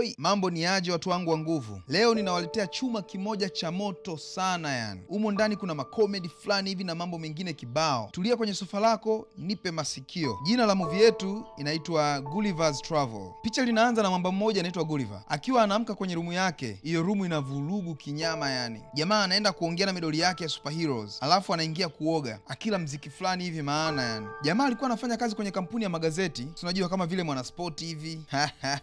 boy, mambo ni aje watu wangu wa nguvu. Leo ninawaletea chuma kimoja cha moto sana, yani humo ndani kuna makomedi fulani hivi na mambo mengine kibao. Tulia kwenye sofa lako, nipe masikio. Jina la movie yetu inaitwa Gulliver's Travel. Picha linaanza na mwamba mmoja anaitwa Gulliver akiwa anaamka kwenye rumu yake, hiyo rumu ina vurugu kinyama, yani jamaa anaenda kuongea na midoli yake ya superheroes, alafu anaingia kuoga akila mziki fulani hivi maana, yani jamaa alikuwa anafanya kazi kwenye kampuni ya magazeti, tunajua kama vile Mwanaspoti hivi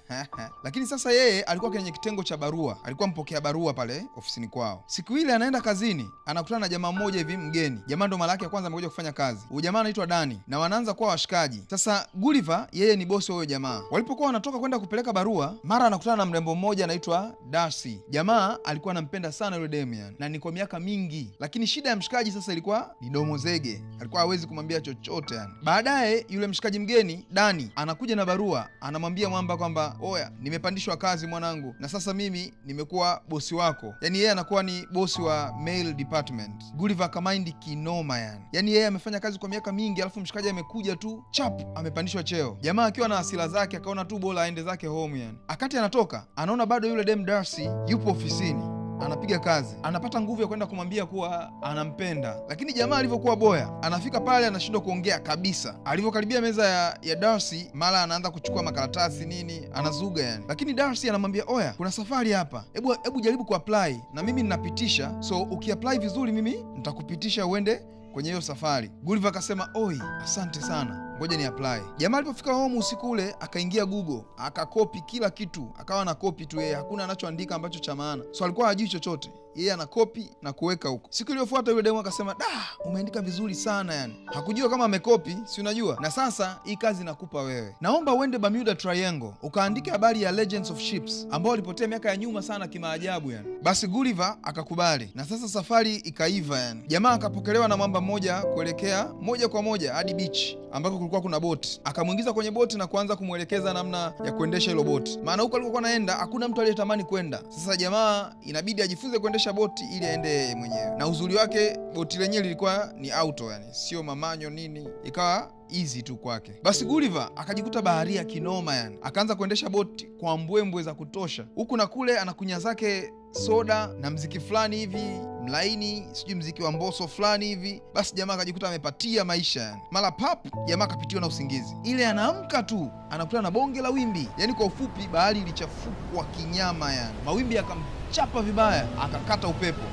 lakini sasa sasa yeye alikuwa kwenye kitengo cha barua, alikuwa mpokea barua pale ofisini kwao. Siku ile anaenda kazini, anakutana na jamaa mmoja hivi mgeni. Jamaa ndo mara yake ya kwanza amekuja kufanya kazi. Huyu jamaa anaitwa Dani na wanaanza kuwa washikaji. Sasa Gulliver yeye ni bosi wa huyo jamaa. Walipokuwa wanatoka kwenda kupeleka barua, mara anakutana na mrembo mmoja anaitwa Darcy. Jamaa alikuwa anampenda sana yule Damian na ni kwa miaka mingi, lakini shida ya mshikaji sasa ilikuwa ni domo zege, alikuwa hawezi kumwambia chochote yani. Baadaye yule mshikaji mgeni Dani anakuja na barua, anamwambia mwamba kwamba oya, nimepandishwa kazi mwanangu, na sasa mimi nimekuwa bosi wako. Yani yeye anakuwa ni bosi wa mail department. Gulliver kamaindi kinoma yani, yani yeye amefanya kazi kwa miaka mingi, alafu mshikaji amekuja tu chap amepandishwa cheo. Jamaa akiwa na hasira zake akaona tu bora aende zake home yani. Akati anatoka anaona bado yule dem Darcy yupo ofisini anapiga kazi, anapata nguvu ya kwenda kumwambia kuwa anampenda, lakini jamaa alivyokuwa boya, anafika pale anashindwa kuongea kabisa. Alivyokaribia meza ya, ya Darcy, mara anaanza kuchukua makaratasi nini, anazuga yani, lakini Darcy anamwambia oya, kuna safari hapa, hebu hebu jaribu kuapply na mimi ninapitisha, so ukiapply vizuri, mimi nitakupitisha uende kwenye hiyo safari. Gulliver akasema oi, asante sana ngoja ni apply. Jamaa alipofika home usiku ule, akaingia Google akakopi kila kitu, akawa na kopi tu yeye, hakuna anachoandika ambacho cha maana, so alikuwa hajui chochote yeye anakopi na kuweka huko. Siku iliyofuata yule demu akasema, da, umeandika vizuri sana yani. Hakujua kama amekopi, si unajua. Na sasa hii kazi nakupa wewe, naomba uende Bermuda Triangle ukaandike habari ya Legends of Ships ambao walipotea miaka ya nyuma sana kimaajabu yani. Basi Gulliver akakubali, na sasa safari ikaiva yani. Jamaa akapokelewa na mwamba mmoja kuelekea moja kwa moja hadi beach ambako kulikuwa kuna boti. Akamwingiza kwenye boti na kuanza kumwelekeza namna ya kuendesha hilo boti, maana huko alikokuwa anaenda hakuna mtu aliyetamani kwenda. Sasa jamaa inabidi ajifunze kuendesha kuendesha boti ili aende mwenyewe, na uzuri wake boti lenyewe lilikuwa ni auto, yani sio mamanyo nini, ikawa easy tu kwake. Basi Gulliver akajikuta baharia kinoma, yani akaanza kuendesha boti kwa mbwembwe za kutosha, huku na kule anakunya zake soda na mziki fulani hivi mlaini, sijui mziki wa mboso fulani hivi. Basi jamaa akajikuta amepatia maisha yani. Mara pap, jamaa akapitiwa na usingizi, ile anaamka tu anakutana na bonge la wimbi, yani kwa ufupi bahari ilichafukwa kinyama yani, mawimbi yakamchapa vibaya, akakata upepo.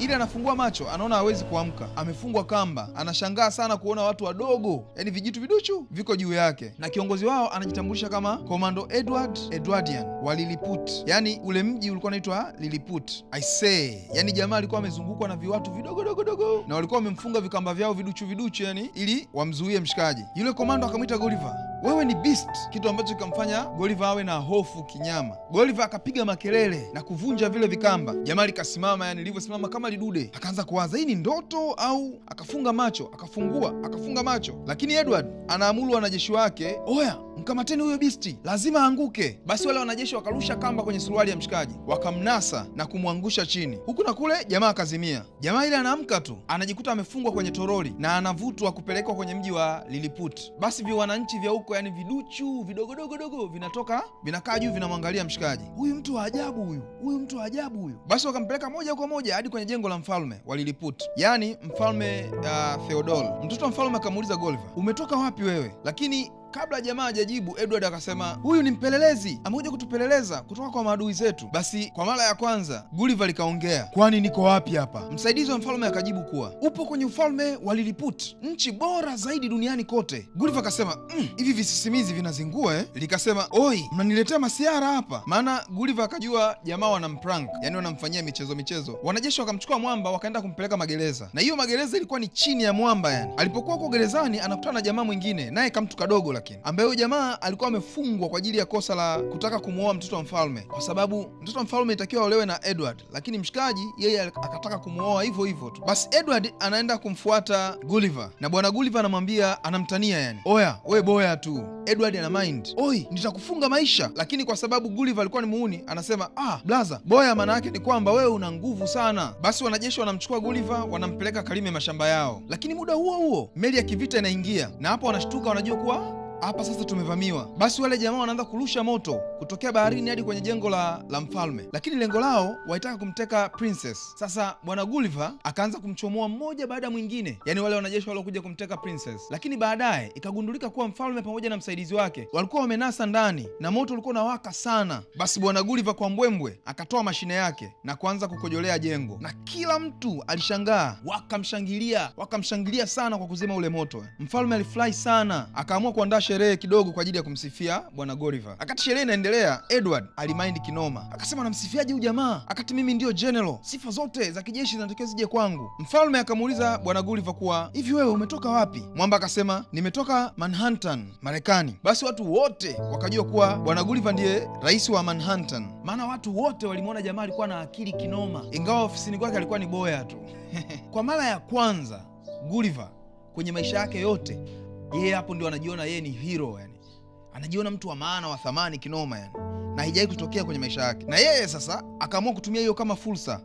ili anafungua macho, anaona hawezi kuamka, amefungwa kamba. Anashangaa sana kuona watu wadogo, yani vijitu viduchu viko juu yake, na kiongozi wao anajitambulisha kama Komando Edward Edwardian wa liliput yani ule mji ulikuwa unaitwa liliput I say, yani jamaa alikuwa amezungukwa na viwatu vidogo dogo dogo, na walikuwa wamemfunga vikamba vyao viduchu viduchu, yani ili wamzuie mshikaji. Yule komando akamwita Gulliver wewe ni beast, kitu ambacho kikamfanya Goliva awe na hofu kinyama. Goliva akapiga makelele na kuvunja vile vikamba, jamaa likasimama, yani lilivyosimama kama lidude. Akaanza kuwaza hii ni ndoto au, akafunga macho, akafungua, akafunga macho, lakini Edward anaamuru wanajeshi wake, oya mkamateni huyo bisti, lazima aanguke. Basi wale wanajeshi wakarusha kamba kwenye suruali ya mshikaji, wakamnasa na kumwangusha chini huku na kule. Jamaa akazimia. Jamaa ile anaamka tu anajikuta amefungwa kwenye toroli na anavutwa kupelekwa kwenye mji wa Liliputi. Basi vya wananchi vya huko viboko, yani viduchu vidogodogodogo vinatoka vinakaa juu vinamwangalia mshikaji. Huyu mtu wa ajabu huyu, huyu mtu wa ajabu huyu. Basi wakampeleka moja kwa moja hadi kwenye jengo la mfalme waliliput, yani mfalme uh, Theodol. Mtoto wa mfalme akamuuliza golva umetoka wapi wewe? Lakini Kabla jamaa hajajibu, Edward akasema huyu ni mpelelezi, amekuja kutupeleleza kutoka kwa maadui zetu. Basi kwa mara ya kwanza Gulliver likaongea, kwani niko wapi hapa? Msaidizi wa mfalme akajibu kuwa upo kwenye ufalme wa Lilliput, nchi bora zaidi duniani kote. Gulliver akasema mm, hivi visisimizi vinazingua eh? Likasema oi, mnaniletea masiara hapa? Maana Gulliver akajua jamaa wanamprank, yani wanamfanyia michezo michezo. Wanajeshi wakamchukua mwamba wakaenda kumpeleka magereza, na hiyo magereza ilikuwa ni chini ya mwamba yani. Alipokuwa huko gerezani anakutana na jamaa mwingine, naye kamtu kadogo lakini ambaye huyo jamaa alikuwa amefungwa kwa ajili ya kosa la kutaka kumuoa mtoto wa mfalme, kwa sababu mtoto wa mfalme itakiwa aolewe na Edward, lakini mshikaji yeye akataka kumuoa hivyo hivyo tu. Basi Edward anaenda kumfuata Gulliver na bwana Gulliver anamwambia, anamtania yani, oya we boya tu. Edward ana mind oi, nitakufunga maisha, lakini kwa sababu Gulliver alikuwa ni muuni, anasema ah, blaza boya, maana yake ni kwamba wewe una nguvu sana. Basi wanajeshi wanamchukua Gulliver wanampeleka Karime mashamba yao, lakini muda huo huo meli ya kivita inaingia, na hapo wanashtuka, wanajua kuwa hapa sasa tumevamiwa. Basi wale jamaa wanaanza kurusha moto kutokea baharini hadi kwenye jengo la, la mfalme, lakini lengo lao walitaka kumteka princess. Sasa bwana Gulliver akaanza kumchomoa mmoja baada ya mwingine, yani wale wanajeshi waliokuja kumteka princess, lakini baadaye ikagundulika kuwa mfalme pamoja na msaidizi wake walikuwa wamenasa ndani na moto ulikuwa unawaka sana. Basi bwana Gulliver kwa mbwembwe akatoa mashine yake na kuanza kukojolea jengo, na kila mtu alishangaa, wakamshangilia wakamshangilia sana kwa kuzima ule moto. Mfalme alifurahi sana, akaamua kuandaa sherehe kidogo kwa ajili ya kumsifia bwana Goliva. Akati sherehe inaendelea, Edward alimind kinoma, akasema namsifiaje huyu jamaa akati mimi ndio general, sifa zote za kijeshi zinatakiwa zije kwangu. Mfalme akamuuliza bwana Goliva kuwa hivi wewe umetoka wapi? Mwamba akasema nimetoka Manhattan, Marekani. Basi watu wote wakajua kuwa bwana Goliva ndiye rais wa Manhattan, maana watu wote walimwona jamaa alikuwa na akili kinoma, ingawa ofisini kwake alikuwa ni boya tu. Kwa mara ya kwanza Gulliver kwenye maisha yake yote yeye hapo ndio anajiona yeye ni hero yani. anajiona mtu wa maana wa thamani kinoma yani. na haijawahi kutokea kwenye maisha yake na yeye sasa akaamua kutumia hiyo kama fursa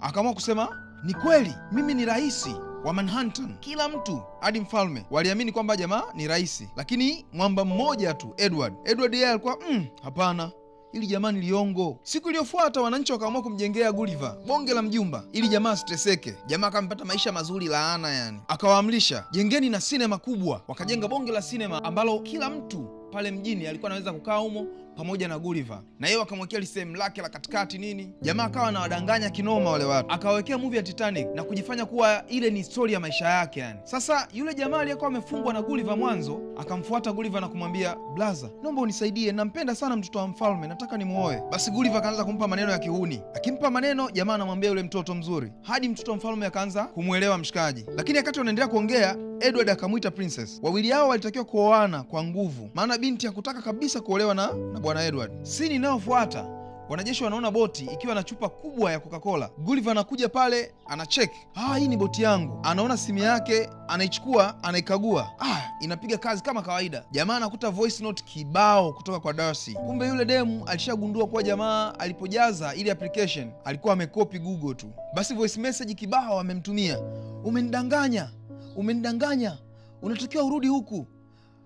akaamua kusema ni kweli mimi ni rahisi wa Manhattan. Kila mtu hadi mfalme waliamini kwamba jamaa ni rahisi, lakini mwamba mmoja tu Edward, Edward yeye alikuwa mm, hapana ili jamaa niliongo. Siku iliyofuata wananchi wakaamua kumjengea Gulliver bonge la mjumba ili jamaa asiteseke. Jamaa akampata maisha mazuri laana, yani akawaamrisha jengeni na sinema kubwa, wakajenga bonge la sinema ambalo kila mtu pale mjini alikuwa anaweza kukaa humo pamoja na Gulliver, na yeye wakamwekea lisehemu lake la katikati nini. Jamaa akawa anawadanganya kinoma wale watu, akawawekea movie ya Titanic na kujifanya kuwa ile ni stori ya maisha yake. Yani sasa yule jamaa aliyekuwa amefungwa na Gulliver mwanzo akamfuata Gulliver na kumwambia, blaza, naomba unisaidie, nampenda sana mtoto wa mfalme, nataka nimuoe. Basi Gulliver akaanza kumpa maneno ya kihuni, akimpa maneno jamaa anamwambia yule mtoto mzuri, hadi mtoto wa mfalme akaanza kumwelewa mshikaji. Lakini wakati wanaendelea kuongea Edward akamwita princess. Wawili hao walitakiwa kuoana kwa nguvu, maana binti hakutaka kabisa kuolewa na, na bwana Edward. Sini inayofuata wanajeshi wanaona boti ikiwa na chupa kubwa ya Coca-Cola. Gulliver anakuja pale, anacheki, ah, hii ni boti yangu. Anaona simu yake, anaichukua, anaikagua, ah, inapiga kazi kama kawaida. Jamaa anakuta voice note kibao kutoka kwa Darcy. Kumbe yule demu alishagundua kuwa jamaa alipojaza ile application alikuwa amekopi Google tu. Basi voice message kibao amemtumia, umenidanganya, umenidanganya, unatakiwa urudi huku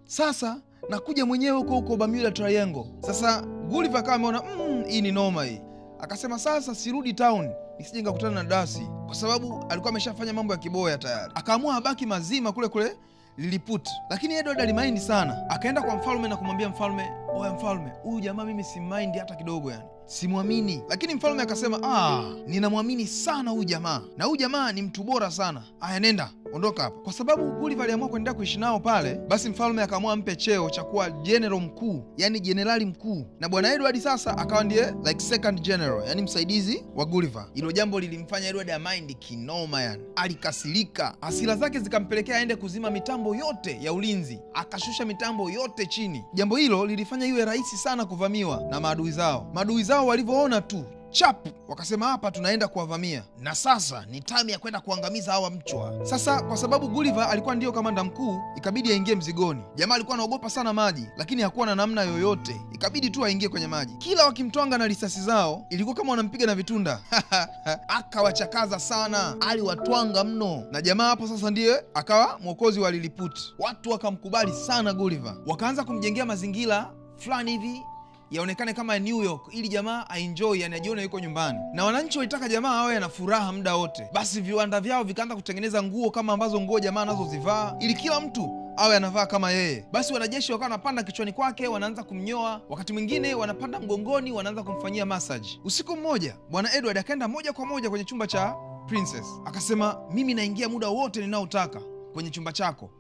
sasa nakuja mwenyewe huko huko Bermuda Triangle. Sasa Gulliver akawa ameona mmm, hii ni noma hii, akasema sasa sirudi town nisije nikakutana na Darcy, kwa sababu alikuwa ameshafanya mambo ya kiboya tayari. Akaamua abaki mazima kule kule Lilliput, lakini Edward alimaindi sana, akaenda kwa mfalme na kumwambia mfalme, oya mfalme, huyu jamaa mimi simaindi hata kidogo yani simwamini. Lakini mfalme akasema, ah, ninamwamini sana huyu jamaa na huyu jamaa ni mtu bora sana. Aya, nenda ondoka hapa. Kwa sababu Gulliver aliamua kuendelea kuishi nao pale, basi mfalme akaamua mpe cheo cha kuwa jenero mkuu, yani jenerali mkuu, na bwana Edward sasa akawa ndiye like second general, yani msaidizi wa guliva Hilo jambo lilimfanya Edward amind kinoma, yani alikasirika. Hasira zake zikampelekea aende kuzima mitambo yote ya ulinzi, akashusha mitambo yote chini. Jambo hilo lilifanya iwe rahisi sana kuvamiwa na maadui zao maadui zao walivyoona tu chapu wakasema, hapa tunaenda kuwavamia, na sasa ni tamu ya kwenda kuangamiza hawa mchwa. Sasa kwa sababu guliva alikuwa ndiyo kamanda mkuu, ikabidi aingie mzigoni. Jamaa alikuwa anaogopa sana maji, lakini hakuwa na namna yoyote, ikabidi tu aingie kwenye maji. Kila wakimtwanga na risasi zao, ilikuwa kama wanampiga na vitunda akawachakaza sana, aliwatwanga mno, na jamaa hapo sasa ndiye akawa mwokozi wa liliput Watu wakamkubali sana guliva wakaanza kumjengea mazingira fulani hivi yaonekane kama New York ili jamaa aenjoy, yani ajione yuko nyumbani. Na wananchi walitaka jamaa awe ana furaha muda wote. Basi viwanda vyao vikaanza kutengeneza nguo kama ambazo nguo jamaa anazozivaa ili kila mtu awe anavaa kama yeye. Basi wanajeshi wakawa wanapanda kichwani kwake, wanaanza kumnyoa, wakati mwingine wanapanda mgongoni, wanaanza kumfanyia massage. Usiku mmoja, bwana Edward akaenda moja kwa moja kwenye chumba cha Princess, akasema, mimi naingia muda wote ninaotaka kwenye chumba chako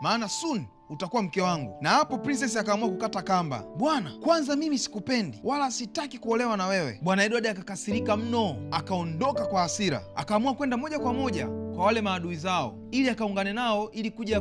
maana sun utakuwa mke wangu. Na hapo princess akaamua kukata kamba. Bwana, kwanza mimi sikupendi wala sitaki kuolewa na wewe. Bwana Edward akakasirika mno, akaondoka kwa hasira, akaamua kwenda moja kwa moja kwa wale maadui zao ili akaungane nao ili kuja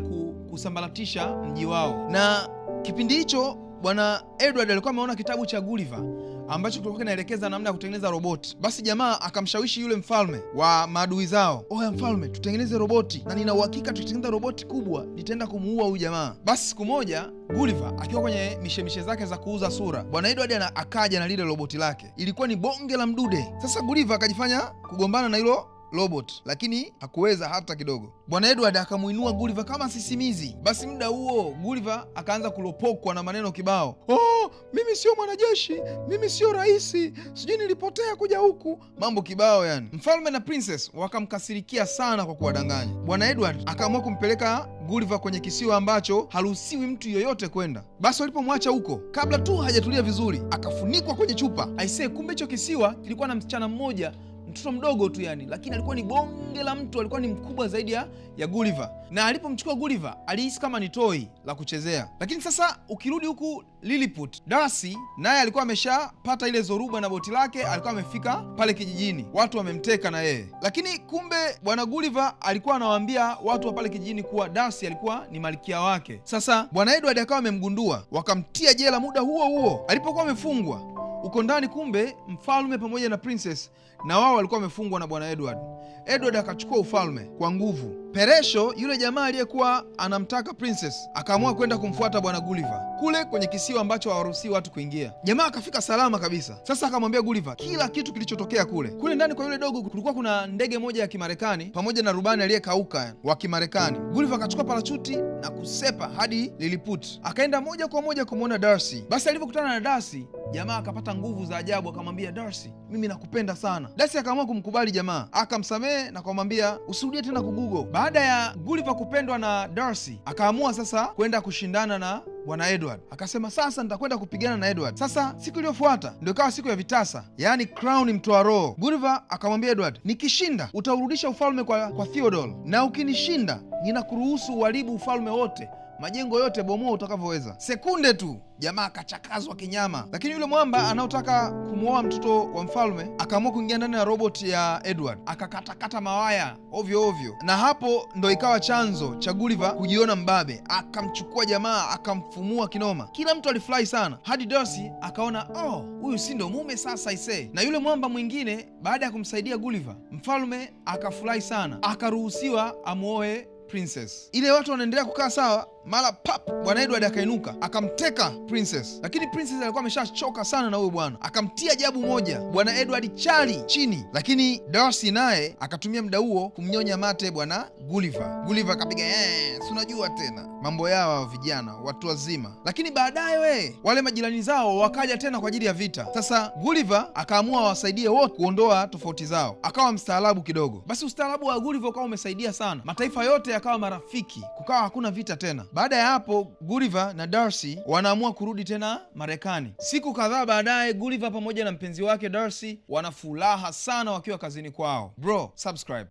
kusambaratisha mji wao. Na kipindi hicho Bwana Edward alikuwa ameona kitabu cha Gulliver ambacho kilikuwa kinaelekeza namna ya kutengeneza roboti. Basi jamaa akamshawishi yule mfalme wa maadui zao, oya mfalme, tutengeneze roboti na nina uhakika tukitengeneza roboti kubwa nitaenda kumuua huyu jamaa. Basi siku moja Gulliver akiwa kwenye mishemishe zake za kuuza sura, bwana Edward akaja na lile roboti lake, ilikuwa ni bonge la mdude. Sasa Gulliver akajifanya kugombana na hilo robot, lakini hakuweza hata kidogo. Bwana Edward akamuinua Gulliver kama sisimizi. Basi muda huo guliva akaanza kulopokwa na maneno kibao. Oh, mimi sio mwanajeshi, mimi sio rahisi sijui nilipotea kuja huku, mambo kibao yani. Mfalme na princess wakamkasirikia sana kwa kuwadanganya. Bwana Edward akaamua kumpeleka guliva kwenye kisiwa ambacho haruhusiwi mtu yoyote kwenda. Basi walipomwacha huko, kabla tu hajatulia vizuri, akafunikwa kwenye chupa. Aisee, kumbe hicho kisiwa kilikuwa na msichana mmoja mtoto mdogo tu yani, lakini alikuwa ni bonge la mtu, alikuwa ni mkubwa zaidi ya guliva Na alipomchukua guliva alihisi kama ni toi la kuchezea. Lakini sasa ukirudi huku liliput Darcy naye alikuwa ameshapata ile zoruba na boti lake, alikuwa amefika pale kijijini, watu wamemteka na yeye. Lakini kumbe bwana guliva alikuwa anawaambia watu wa pale kijijini kuwa dasi alikuwa ni malikia wake. Sasa bwana Edward akawa amemgundua, wakamtia jela. Muda huo huo alipokuwa amefungwa uko ndani, kumbe mfalume pamoja na princess na wao walikuwa wamefungwa na bwana Edward. Edward akachukua ufalme kwa nguvu. Peresho, yule jamaa aliyekuwa anamtaka princess, akaamua kwenda kumfuata bwana Gulliver kule kwenye kisiwa ambacho hawaruhusiwi watu kuingia. Jamaa akafika salama kabisa. Sasa akamwambia Gulliver kila kitu kilichotokea kule. Kule ndani kwa yule dogo kulikuwa kuna ndege moja ya Kimarekani pamoja na rubani aliyekauka wa Kimarekani. Gulliver akachukua parachuti na kusepa hadi Lilliput, akaenda moja kwa moja kumwona Darcy. Basi alivyokutana na Darcy, jamaa akapata nguvu za ajabu, akamwambia Darcy, mimi nakupenda sana sana. Dasi akaamua kumkubali jamaa, akamsamehe na kumwambia usirudie tena kugugo. Baada ya Gulliver kupendwa na Darcy, akaamua sasa kwenda kushindana na bwana Edward akasema, sasa nitakwenda kupigana na Edward. Sasa siku iliyofuata ndio ikawa siku ya vitasa, yaani crown mtoa roho. Gulliver akamwambia Edward, nikishinda utaurudisha ufalme kwa, kwa Theodore na ukinishinda ninakuruhusu uharibu ufalme wote majengo yote bomoa utakavyoweza. Sekunde tu jamaa akachakazwa kinyama. Lakini yule mwamba anaotaka kumwoa mtoto wa mfalme akaamua kuingia ndani ya roboti ya Edward akakatakata mawaya ovyo ovyo, na hapo ndo ikawa chanzo cha Gulliver kujiona mbabe. Akamchukua jamaa akamfumua kinoma. Kila mtu alifurahi sana, hadi Darcy akaona oh, huyu si ndo mume sasa ise. Na yule mwamba mwingine baada ya kumsaidia Gulliver, mfalme akafurahi sana, akaruhusiwa amwoe princess. Ile watu wanaendelea kukaa sawa mara pap, bwana Edward akainuka akamteka princess, lakini princess alikuwa ameshachoka sana na huyo bwana, akamtia jabu moja bwana Edward chali chini, lakini Darcy naye akatumia muda huo kumnyonya mate bwana gulive gulive akapiga eh, unajua tena mambo yao vijana watu wazima. Lakini baadaye we wale majirani zao wakaja tena kwa ajili ya vita. Sasa gulive akaamua wasaidie wote kuondoa tofauti zao, akawa mstaarabu kidogo. Basi ustaarabu wa gulive ukawa umesaidia sana, mataifa yote yakawa marafiki, kukawa hakuna vita tena. Baada ya hapo, Gulliver na Darcy wanaamua kurudi tena Marekani. Siku kadhaa baadaye, Gulliver pamoja na mpenzi wake Darcy wana furaha sana wakiwa kazini kwao. Bro, subscribe.